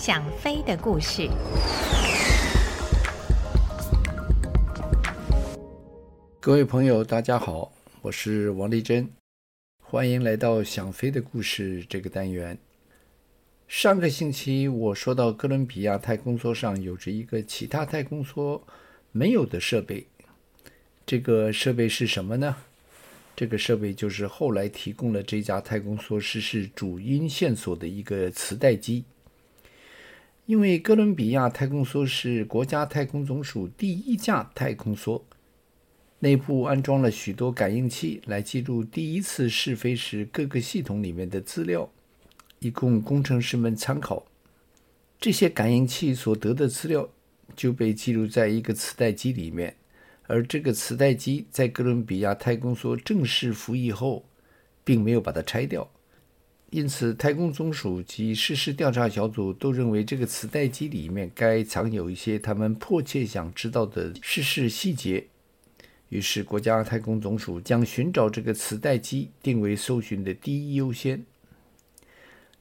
想飛的故事。各位朋友，大家好，我是王立楨，歡迎來到想飛的故事這個單元。上個星期我說到哥倫比亞太空梭上有着一個其他太空梭沒有的設備，這個設備是什麼呢？這個設備就是後來提供了這架太空梭失事主因線索的一個磁帶機。因為哥倫比亞太空梭是國家太空總署第一架太空梭，內部安裝了許多感應器來記錄第一次試飛時各個系統裡面的資料，以供工程師們參考。這些感應器所得的資料就被記錄在一個磁帶機裡面，而這個磁帶機在哥倫比亞太空梭正式服役後，並沒有把它拆掉。因此，太空總署及失事調查小組都認為，這個磁帶機裡面該藏有一些他們迫切想知道的失事細節。於是，國家太空總署將尋找這個磁帶機定為搜尋的第一優先。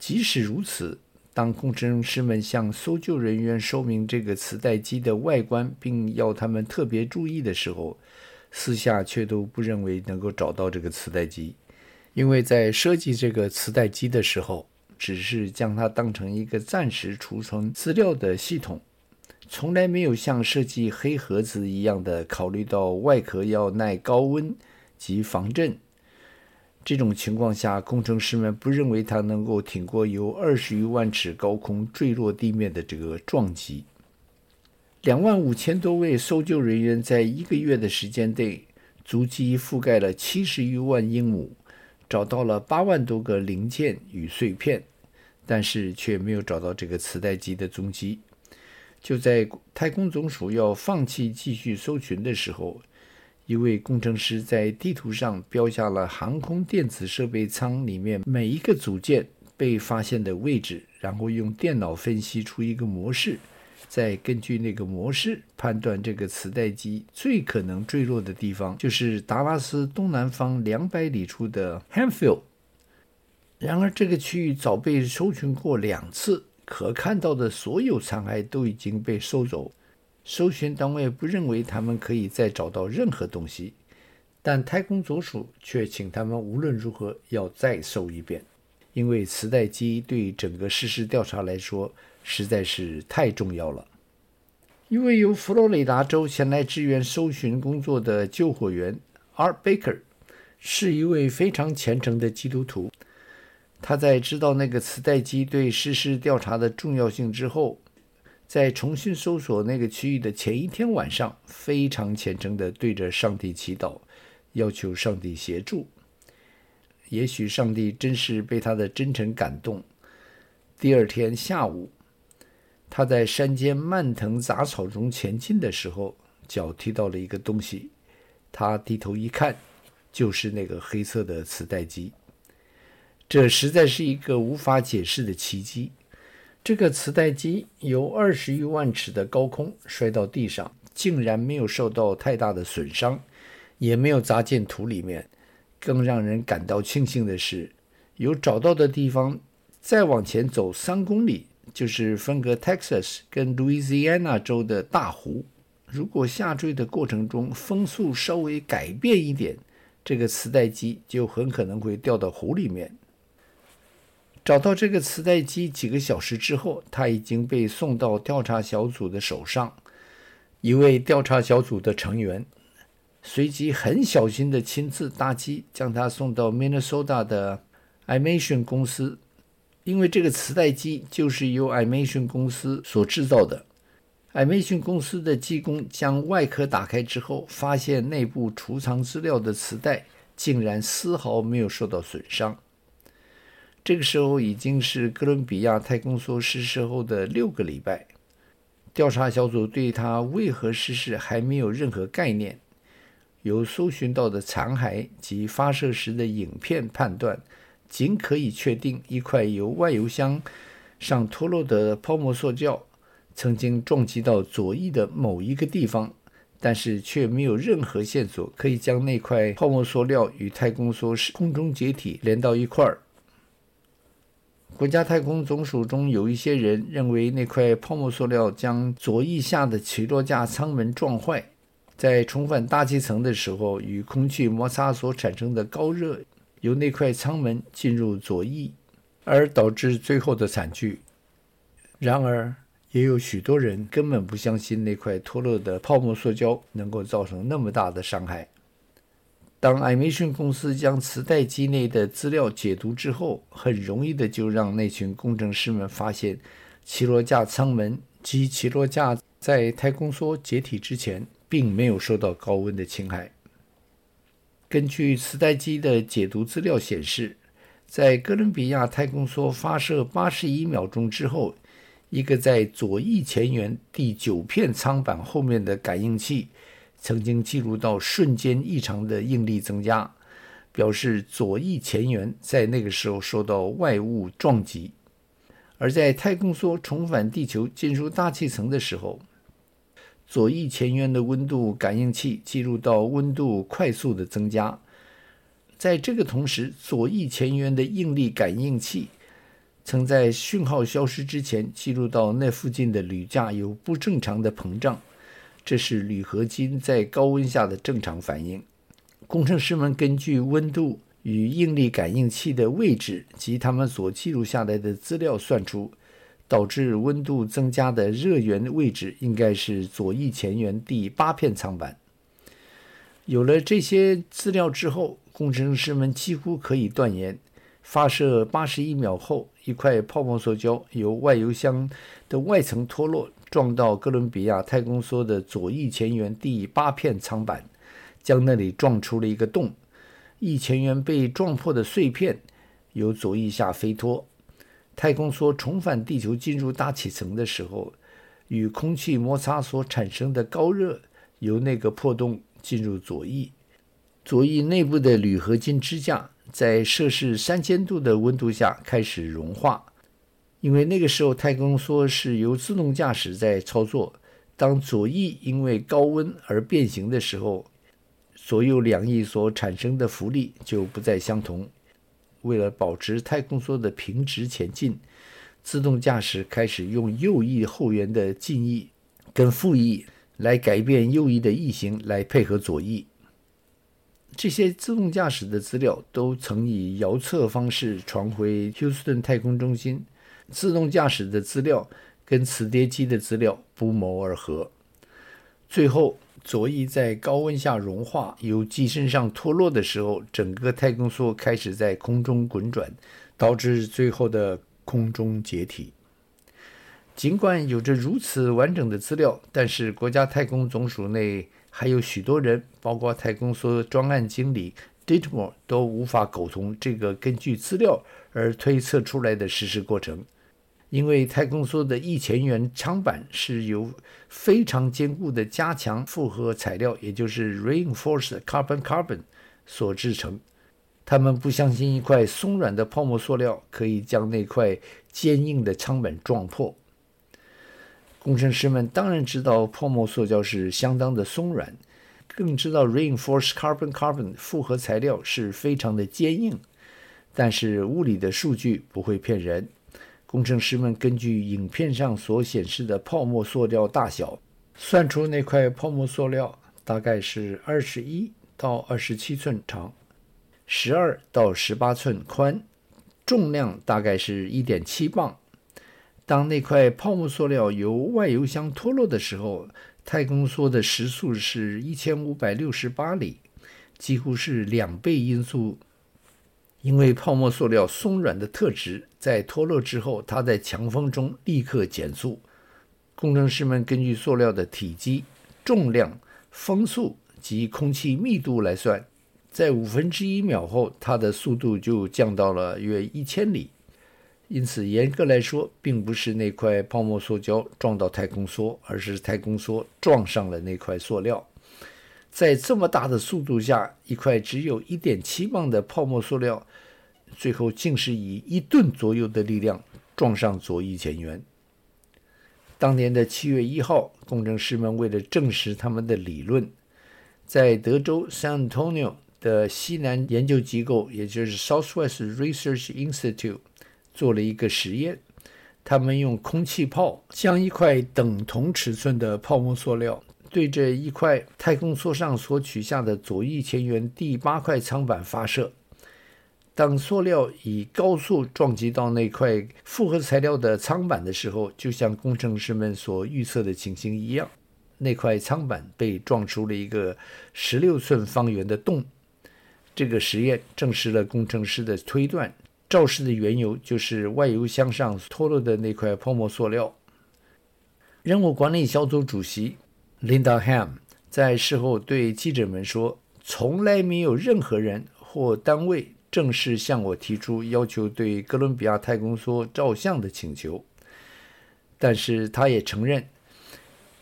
即使如此，當工程師們向搜救人員說明這個磁帶機的外觀，並要他們特別注意的時候，私下卻都不認為能夠找到這個磁帶機。因為在設計這個磁帶機的時候，只是將它當成一個暫時儲存資料的系統，從來沒有像設計黑盒子一樣的考慮到外殼要耐高溫及防震。這種情況下，工程師們不認為它能夠挺過由二十餘萬尺高空墜落地面的這個撞擊。兩萬五千多位搜救人員在一個月的時間內，足跡覆蓋了七十餘萬英畝。找到了八萬多個零件與碎片，但是卻沒有找到這個磁帶機的蹤跡。就在太空總署要放棄繼續搜尋的時候，一位工程師在地圖上標下了航空電子設備艙裡面每一個組件被發現的位置，然後用電腦分析出一個模式。再根據那個模式判斷，這個磁帶機最可能墜落的地方就是達拉斯東南方兩百里處的 Hanfield。然而，這個區域早被搜尋過兩次，可看到的所有殘骸都已經被收走。搜尋單位不認為他們可以再找到任何東西，但太空總署卻請他們無論如何要再搜一遍，因為磁帶機對整個事實調查來說，實在是太重要了。一位由佛羅里達州前來支援搜尋工作的救火員 Art Baker，是一位非常虔誠的基督徒。他在知道那個磁帶機對失事調查的重要性之後，在重新搜索那個區域的前一天晚上，非常虔誠地對着上帝祈禱，要求上帝協助。也許上帝真是被他的真誠感動。第二天下午，他在山間蔓藤雜草中前進的時候，腳踢到了一個東西。他低頭一看，就是那個黑色的磁帶機。這實在是一個無法解釋的奇蹟。這個磁帶機由二十餘萬尺的高空摔到地上，竟然沒有受到太大的損傷，也沒有砸進土裡面。更讓人感到慶幸的是，有找到的地方，再往前走三公里。就是分隔 Texas 跟 Louisiana 州的大湖。如果下墜的過程中風速稍微改變一點，這個磁帶機就很可能會掉到湖裡面。找到這個磁帶機幾個小時之後，他已經被送到調查小組的手上。一位調查小組的成員隨即很小心的親自搭機，將他送到 Minnesota 的 Imation 公司。因為這個磁帶機就是由 IMATION 公司所制造的，IMATION 公司的技工將外殼打開之後，發現內部儲藏資料的磁帶竟然絲毫沒有受到損傷。這個時候已經是哥倫比亞太空梭失事後的六個禮拜，調查小組對它為何失事還沒有任何概念。由搜尋到的殘骸及發射時的影片判斷。僅可以確定，一塊由外油箱上脫落的泡沫塑料，曾經撞擊到左翼的某一個地方，但是卻沒有任何線索可以將那塊泡沫塑料與太空梭空中解體連到一塊兒。國家太空總署中有一些人認為，那塊泡沫塑料將左翼下的起落架艙門撞壞，在重返大氣層的時候與空氣摩擦所產生的高熱，由那塊艙門進入左翼，而導致最後的慘劇。然而，也有許多人根本不相信那塊脫落的泡沫塑膠能夠造成那麼大的傷害。當艾梅遜公司將磁帶機內的資料解讀之後，很容易的就讓那群工程師們發現，起落架艙門及起落架在太空梭解體之前，並沒有受到高溫的侵害。根據磁帶機的解讀資料顯示，在哥倫比亞太空梭發射八十一秒鐘之後，一個在左翼前緣第九片艙板後面的感應器曾經記錄到瞬間異常的應力增加，表示左翼前緣在那個時候受到外物撞擊。而在太空梭重返地球進入大氣層的時候，左翼前緣的溫度感應器記錄到溫度快速的增加，在這個同時，左翼前緣的應力感應器曾在訊號消失之前記錄到那附近的鋁架有不正常的膨脹，這是鋁合金在高溫下的正常反應。工程師們根據溫度與應力感應器的位置及他們所記錄下來的資料算出，導致溫度增加的熱源位置應該是左翼前緣第八片艙板。有了這些資料之後，工程師們幾乎可以斷言：發射八十一秒後，一塊泡沫塑膠由外油箱的外層脫落，撞到哥倫比亞太空梭的左翼前緣第八片艙板，將那裡撞出了一個洞。翼前緣被撞破的碎片由左翼下飛脫。太空梭重返地球進入大氣層的時候，與空氣摩擦所產生的高熱由那個破洞進入左翼，左翼內部的鋁合金支架在攝氏三千度的溫度下開始融化。因為那個時候太空梭是由自動駕駛在操作，當左翼因為高溫而變形的時候，左右兩翼所產生的浮力就不再相同。為了保持太空梭的平直前進，自動駕駛開始用右翼後緣的襟翼跟副翼來改變右翼的翼型來配合左翼。這些自動駕駛的資料都曾以遙測方式傳回休斯頓太空中心。自動駕駛的資料跟磁碟機的資料不謀而合。最後。左翼在高溫下融化，由機身上脫落的時候，整個太空梭開始在空中滾轉，導致最後的空中解體。儘管有着如此完整的資料，但是國家太空總署內還有許多人，包括太空梭專案經理 Dittmore，都無法苟同這個根據資料而推測出來的失事過程。因為太空梭的翼前緣艙板是由非常堅固的加強複合材料，也就是 reinforced carbon carbon 所制成。他們不相信一塊鬆軟的泡沫塑料可以將那塊堅硬的艙板撞破。工程師們當然知道泡沫塑膠是相當的鬆軟，更知道 reinforced carbon carbon 複合材料是非常的堅硬。但是物理的數據不會騙人。工程師們根據影片上所顯示的泡沫塑料大小，算出那塊泡沫塑料大概是二十一到二十七寸長，十二到十八寸寬，重量大概是一點七磅。當那塊泡沫塑料由外油箱脫落的時候，太空梭的時速是一千五百六十八里，幾乎是兩倍音速。因為泡沫塑料鬆軟的特質，在脫落之後，它在強風中立刻減速。工程師們根據塑料的體積、重量、風速及空氣密度來算，在五分之一秒後，它的速度就降到了約一千里。因此，嚴格來說，並不是那塊泡沫塑膠撞到太空梭，而是太空梭撞上了那塊塑料。在這麼大的速度下，一塊只有一點七磅的泡沫塑料，最後竟是以一噸左右的力量撞上左翼前緣。當年的七月一號，工程師們為了證實他們的理論，在德州 San Antonio 的西南研究機構，也就是 Southwest Research Institute，做了一個實驗。他們用空氣炮將一塊等同尺寸的泡沫塑料。對着一塊太空梭上所取下的左翼前緣第八塊艙板發射。當塑料以高速撞擊到那塊複合材料的艙板的時候，就像工程師們所預測的情形一樣，那塊艙板被撞出了一個十六寸方圓的洞。這個實驗證實了工程師的推斷，肇事的緣由就是外油箱上脫落的那塊泡沫塑料。任務管理小組主席。Linda Ham 在事後對記者們說：“從來沒有任何人或單位正式向我提出要求對哥倫比亞太空梭照相的請求。”但是他也承認，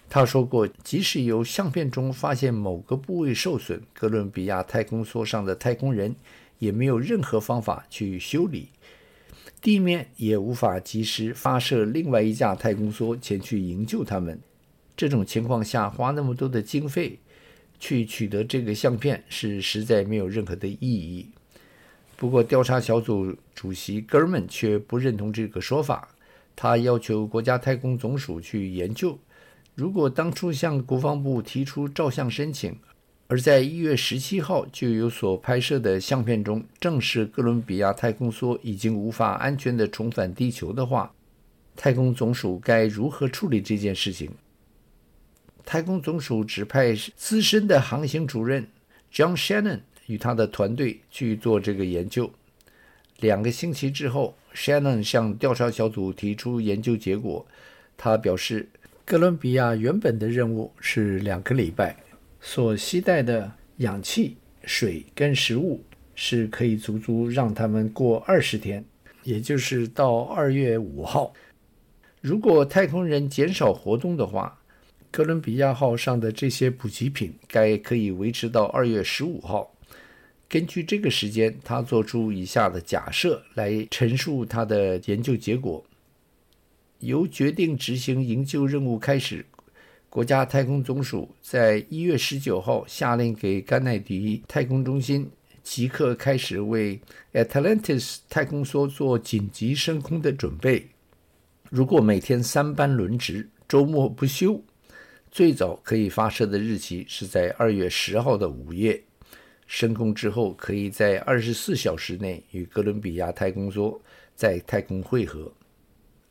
他說過，即使由相片中發現某個部位受損，哥倫比亞太空梭上的太空人也沒有任何方法去修理，地面也無法及時發射另外一架太空梭前去營救他們。這種情況下，花那麼多的經費去取得這個相片是實在沒有任何的意義。不過，調查小組主席哥們卻不認同這個說法，他要求國家太空總署去研究：如果當初向國防部提出照相申請，而在一月十七號就有所拍攝的相片中，證實哥倫比亞太空梭已經無法安全地重返地球的話，太空總署該如何處理這件事情？太空總署指派資深的航行主任 John Shannon 與他的團隊去做這個研究。兩個星期之後，Shannon 向調查小組提出研究結果。他表示，哥倫比亞原本的任務是兩個禮拜，所攜帶的氧氣、水跟食物是可以足足讓他們過二十天，也就是到二月五號。如果太空人減少活動的話，哥倫比亞號上的這些補給品該可以維持到二月十五號。根據這個時間，他做出以下的假設來陳述他的研究結果：由決定執行營救任務開始，國家太空總署在一月十九號下令給甘奈迪太空中心，即刻開始為 Atlantis 太空梭做緊急升空的準備。如果每天三班輪值，週末不休。最早可以發射的日期是在二月十號的午夜。升空之後，可以在二十四小時內與哥倫比亞太空梭在太空匯合。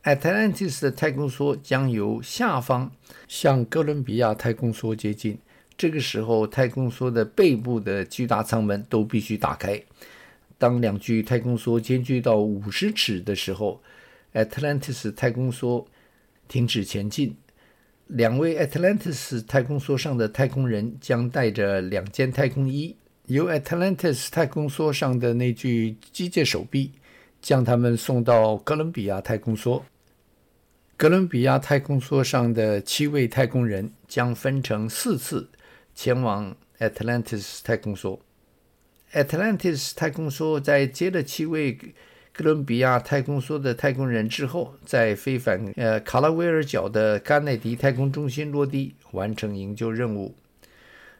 Atlantis 的太空梭將由下方向哥倫比亞太空梭接近。這個時候，太空梭的背部的巨大艙門都必須打開。當兩具太空梭間距到五十尺的時候，Atlantis 的太空梭停止前進。兩位 Atlantis 太空梭上的太空人將帶着兩件太空衣，由 Atlantis 太空梭上的那具機械手臂將他們送到哥倫比亞太空梭。哥倫比亞太空梭上的七位太空人將分成四次前往 Atlantis 太空梭。Atlantis 太空梭在接着七位。哥倫比亞太空梭的太空人之後，在飛返呃卡拉維爾角的甘迺迪太空中心落地，完成營救任務。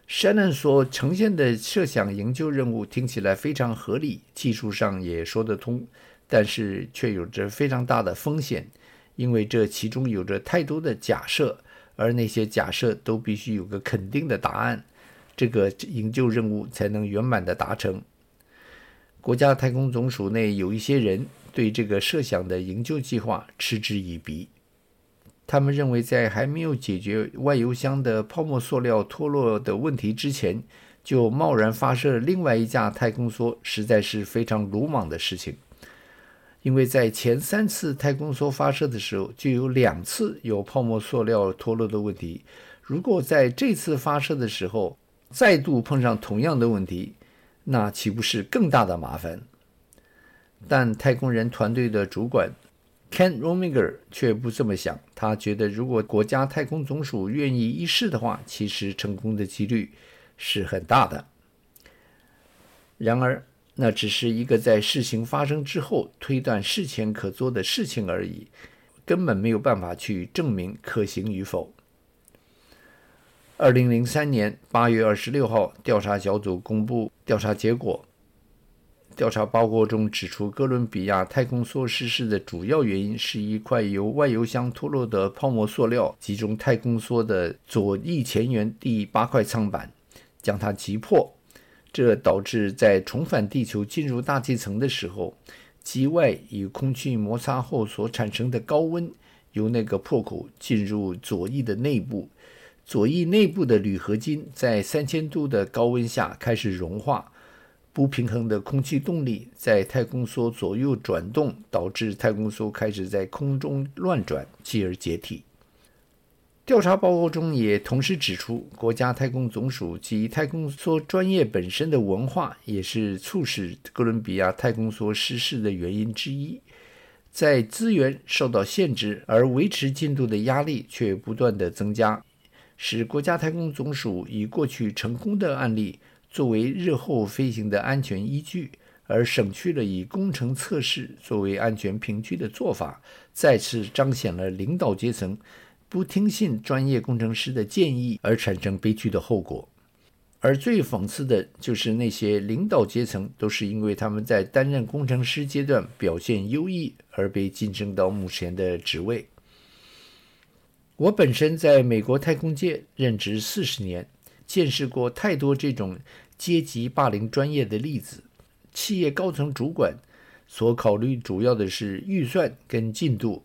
Shannon 所呈現的設想營救任務聽起來非常合理，技術上也說得通，但是卻有着非常大的風險，因為這其中有着太多的假設，而那些假設都必須有個肯定的答案，這個營救任務才能圓滿地達成。國家太空總署內有一些人對這個設想的營救計劃嗤之以鼻，他們認為在還沒有解決外油箱的泡沫塑料脫落的問題之前，就貿然發射另外一架太空梭，實在是非常魯莽的事情。因為在前三次太空梭發射的時候，就有兩次有泡沫塑料脫落的問題，如果在這次發射的時候再度碰上同樣的問題，那豈不是更大的麻煩？但太空人團隊的主管 Ken Rominger 卻不這麼想，他覺得如果國家太空總署願意一試的話，其實成功的幾率是很大的。然而，那只是一個在事情發生之後推斷事前可做的事情而已，根本沒有辦法去證明可行與否。二零零三年八月二十六號，調查小組公布調查結果。調查報告中指出，哥倫比亞太空梭失事的主要原因是一塊由外油箱脫落的泡沫塑料，擊中太空梭的左翼前緣第八塊艙板，將它擊破。這導致在重返地球進入大氣層的時候，機外與空氣摩擦後所產生的高溫由那個破口進入左翼的內部。左翼內部的鋁合金在三千度的高溫下開始融化，不平衡的空氣動力在太空梭左右轉動，導致太空梭開始在空中亂轉，繼而解體。調查報告中也同時指出，國家太空總署及太空梭專業本身的文化，也是促使哥倫比亞太空梭失事的原因之一。在資源受到限制，而維持進度的壓力卻不斷的增加。使國家太空總署以過去成功的案例作為日後飛行的安全依據，而省去了以工程測試作為安全憑據的做法，再次彰顯了領導階層不聽信專業工程師的建議而產生悲劇的後果。而最諷刺的就是那些領導階層都是因為他們在擔任工程師階段表現優異而被晉升到目前的職位。我本身在美國太空界任職四十年，見識過太多這種階級霸凌專業的例子。企業高層主管所考慮主要的是預算跟進度，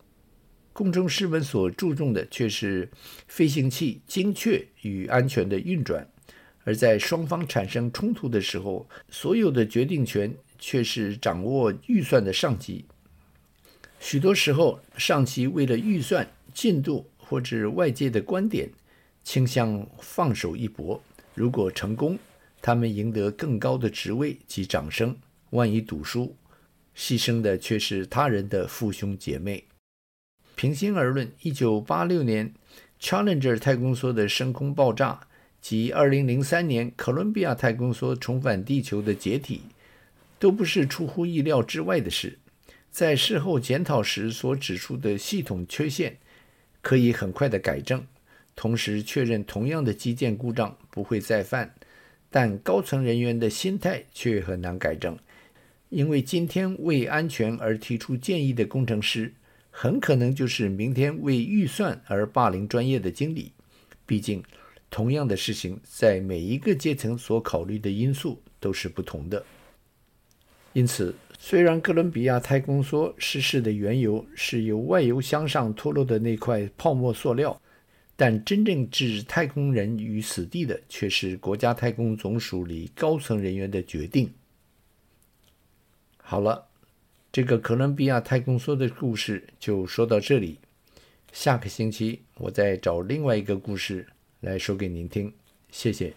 工程師們所注重的卻是飛行器精確與安全的運轉。而在雙方產生衝突的時候，所有的決定權卻是掌握預算的上級。許多時候，上級為了預算進度，或者外界的觀點傾向放手一搏。如果成功，他們贏得更高的職位及掌聲；萬一賭輸，犧牲的卻是他人的父兄姐妹。平心而論，1986年 Challenger 太空梭的升空爆炸及2003年哥倫比亞太空梭重返地球的解體，都不是出乎意料之外的事。在事後檢討時所指出的系統缺陷。可以很快地改正，同時確認同樣的機件故障不會再犯。但高層人員的心態卻很難改正，因為今天為安全而提出建議的工程師，很可能就是明天為預算而霸凌專業的經理。畢竟，同樣的事情在每一個階層所考慮的因素都是不同的。因此，雖然哥倫比亞太空梭失事的緣由是由外油箱上脫落的那塊泡沫塑料，但真正置太空人於死地的却是國家太空總署裡高層人員的決定。好了，這個哥倫比亞太空梭的故事就說到這裡，下個星期我再找另外一個故事來說給您聽，謝謝。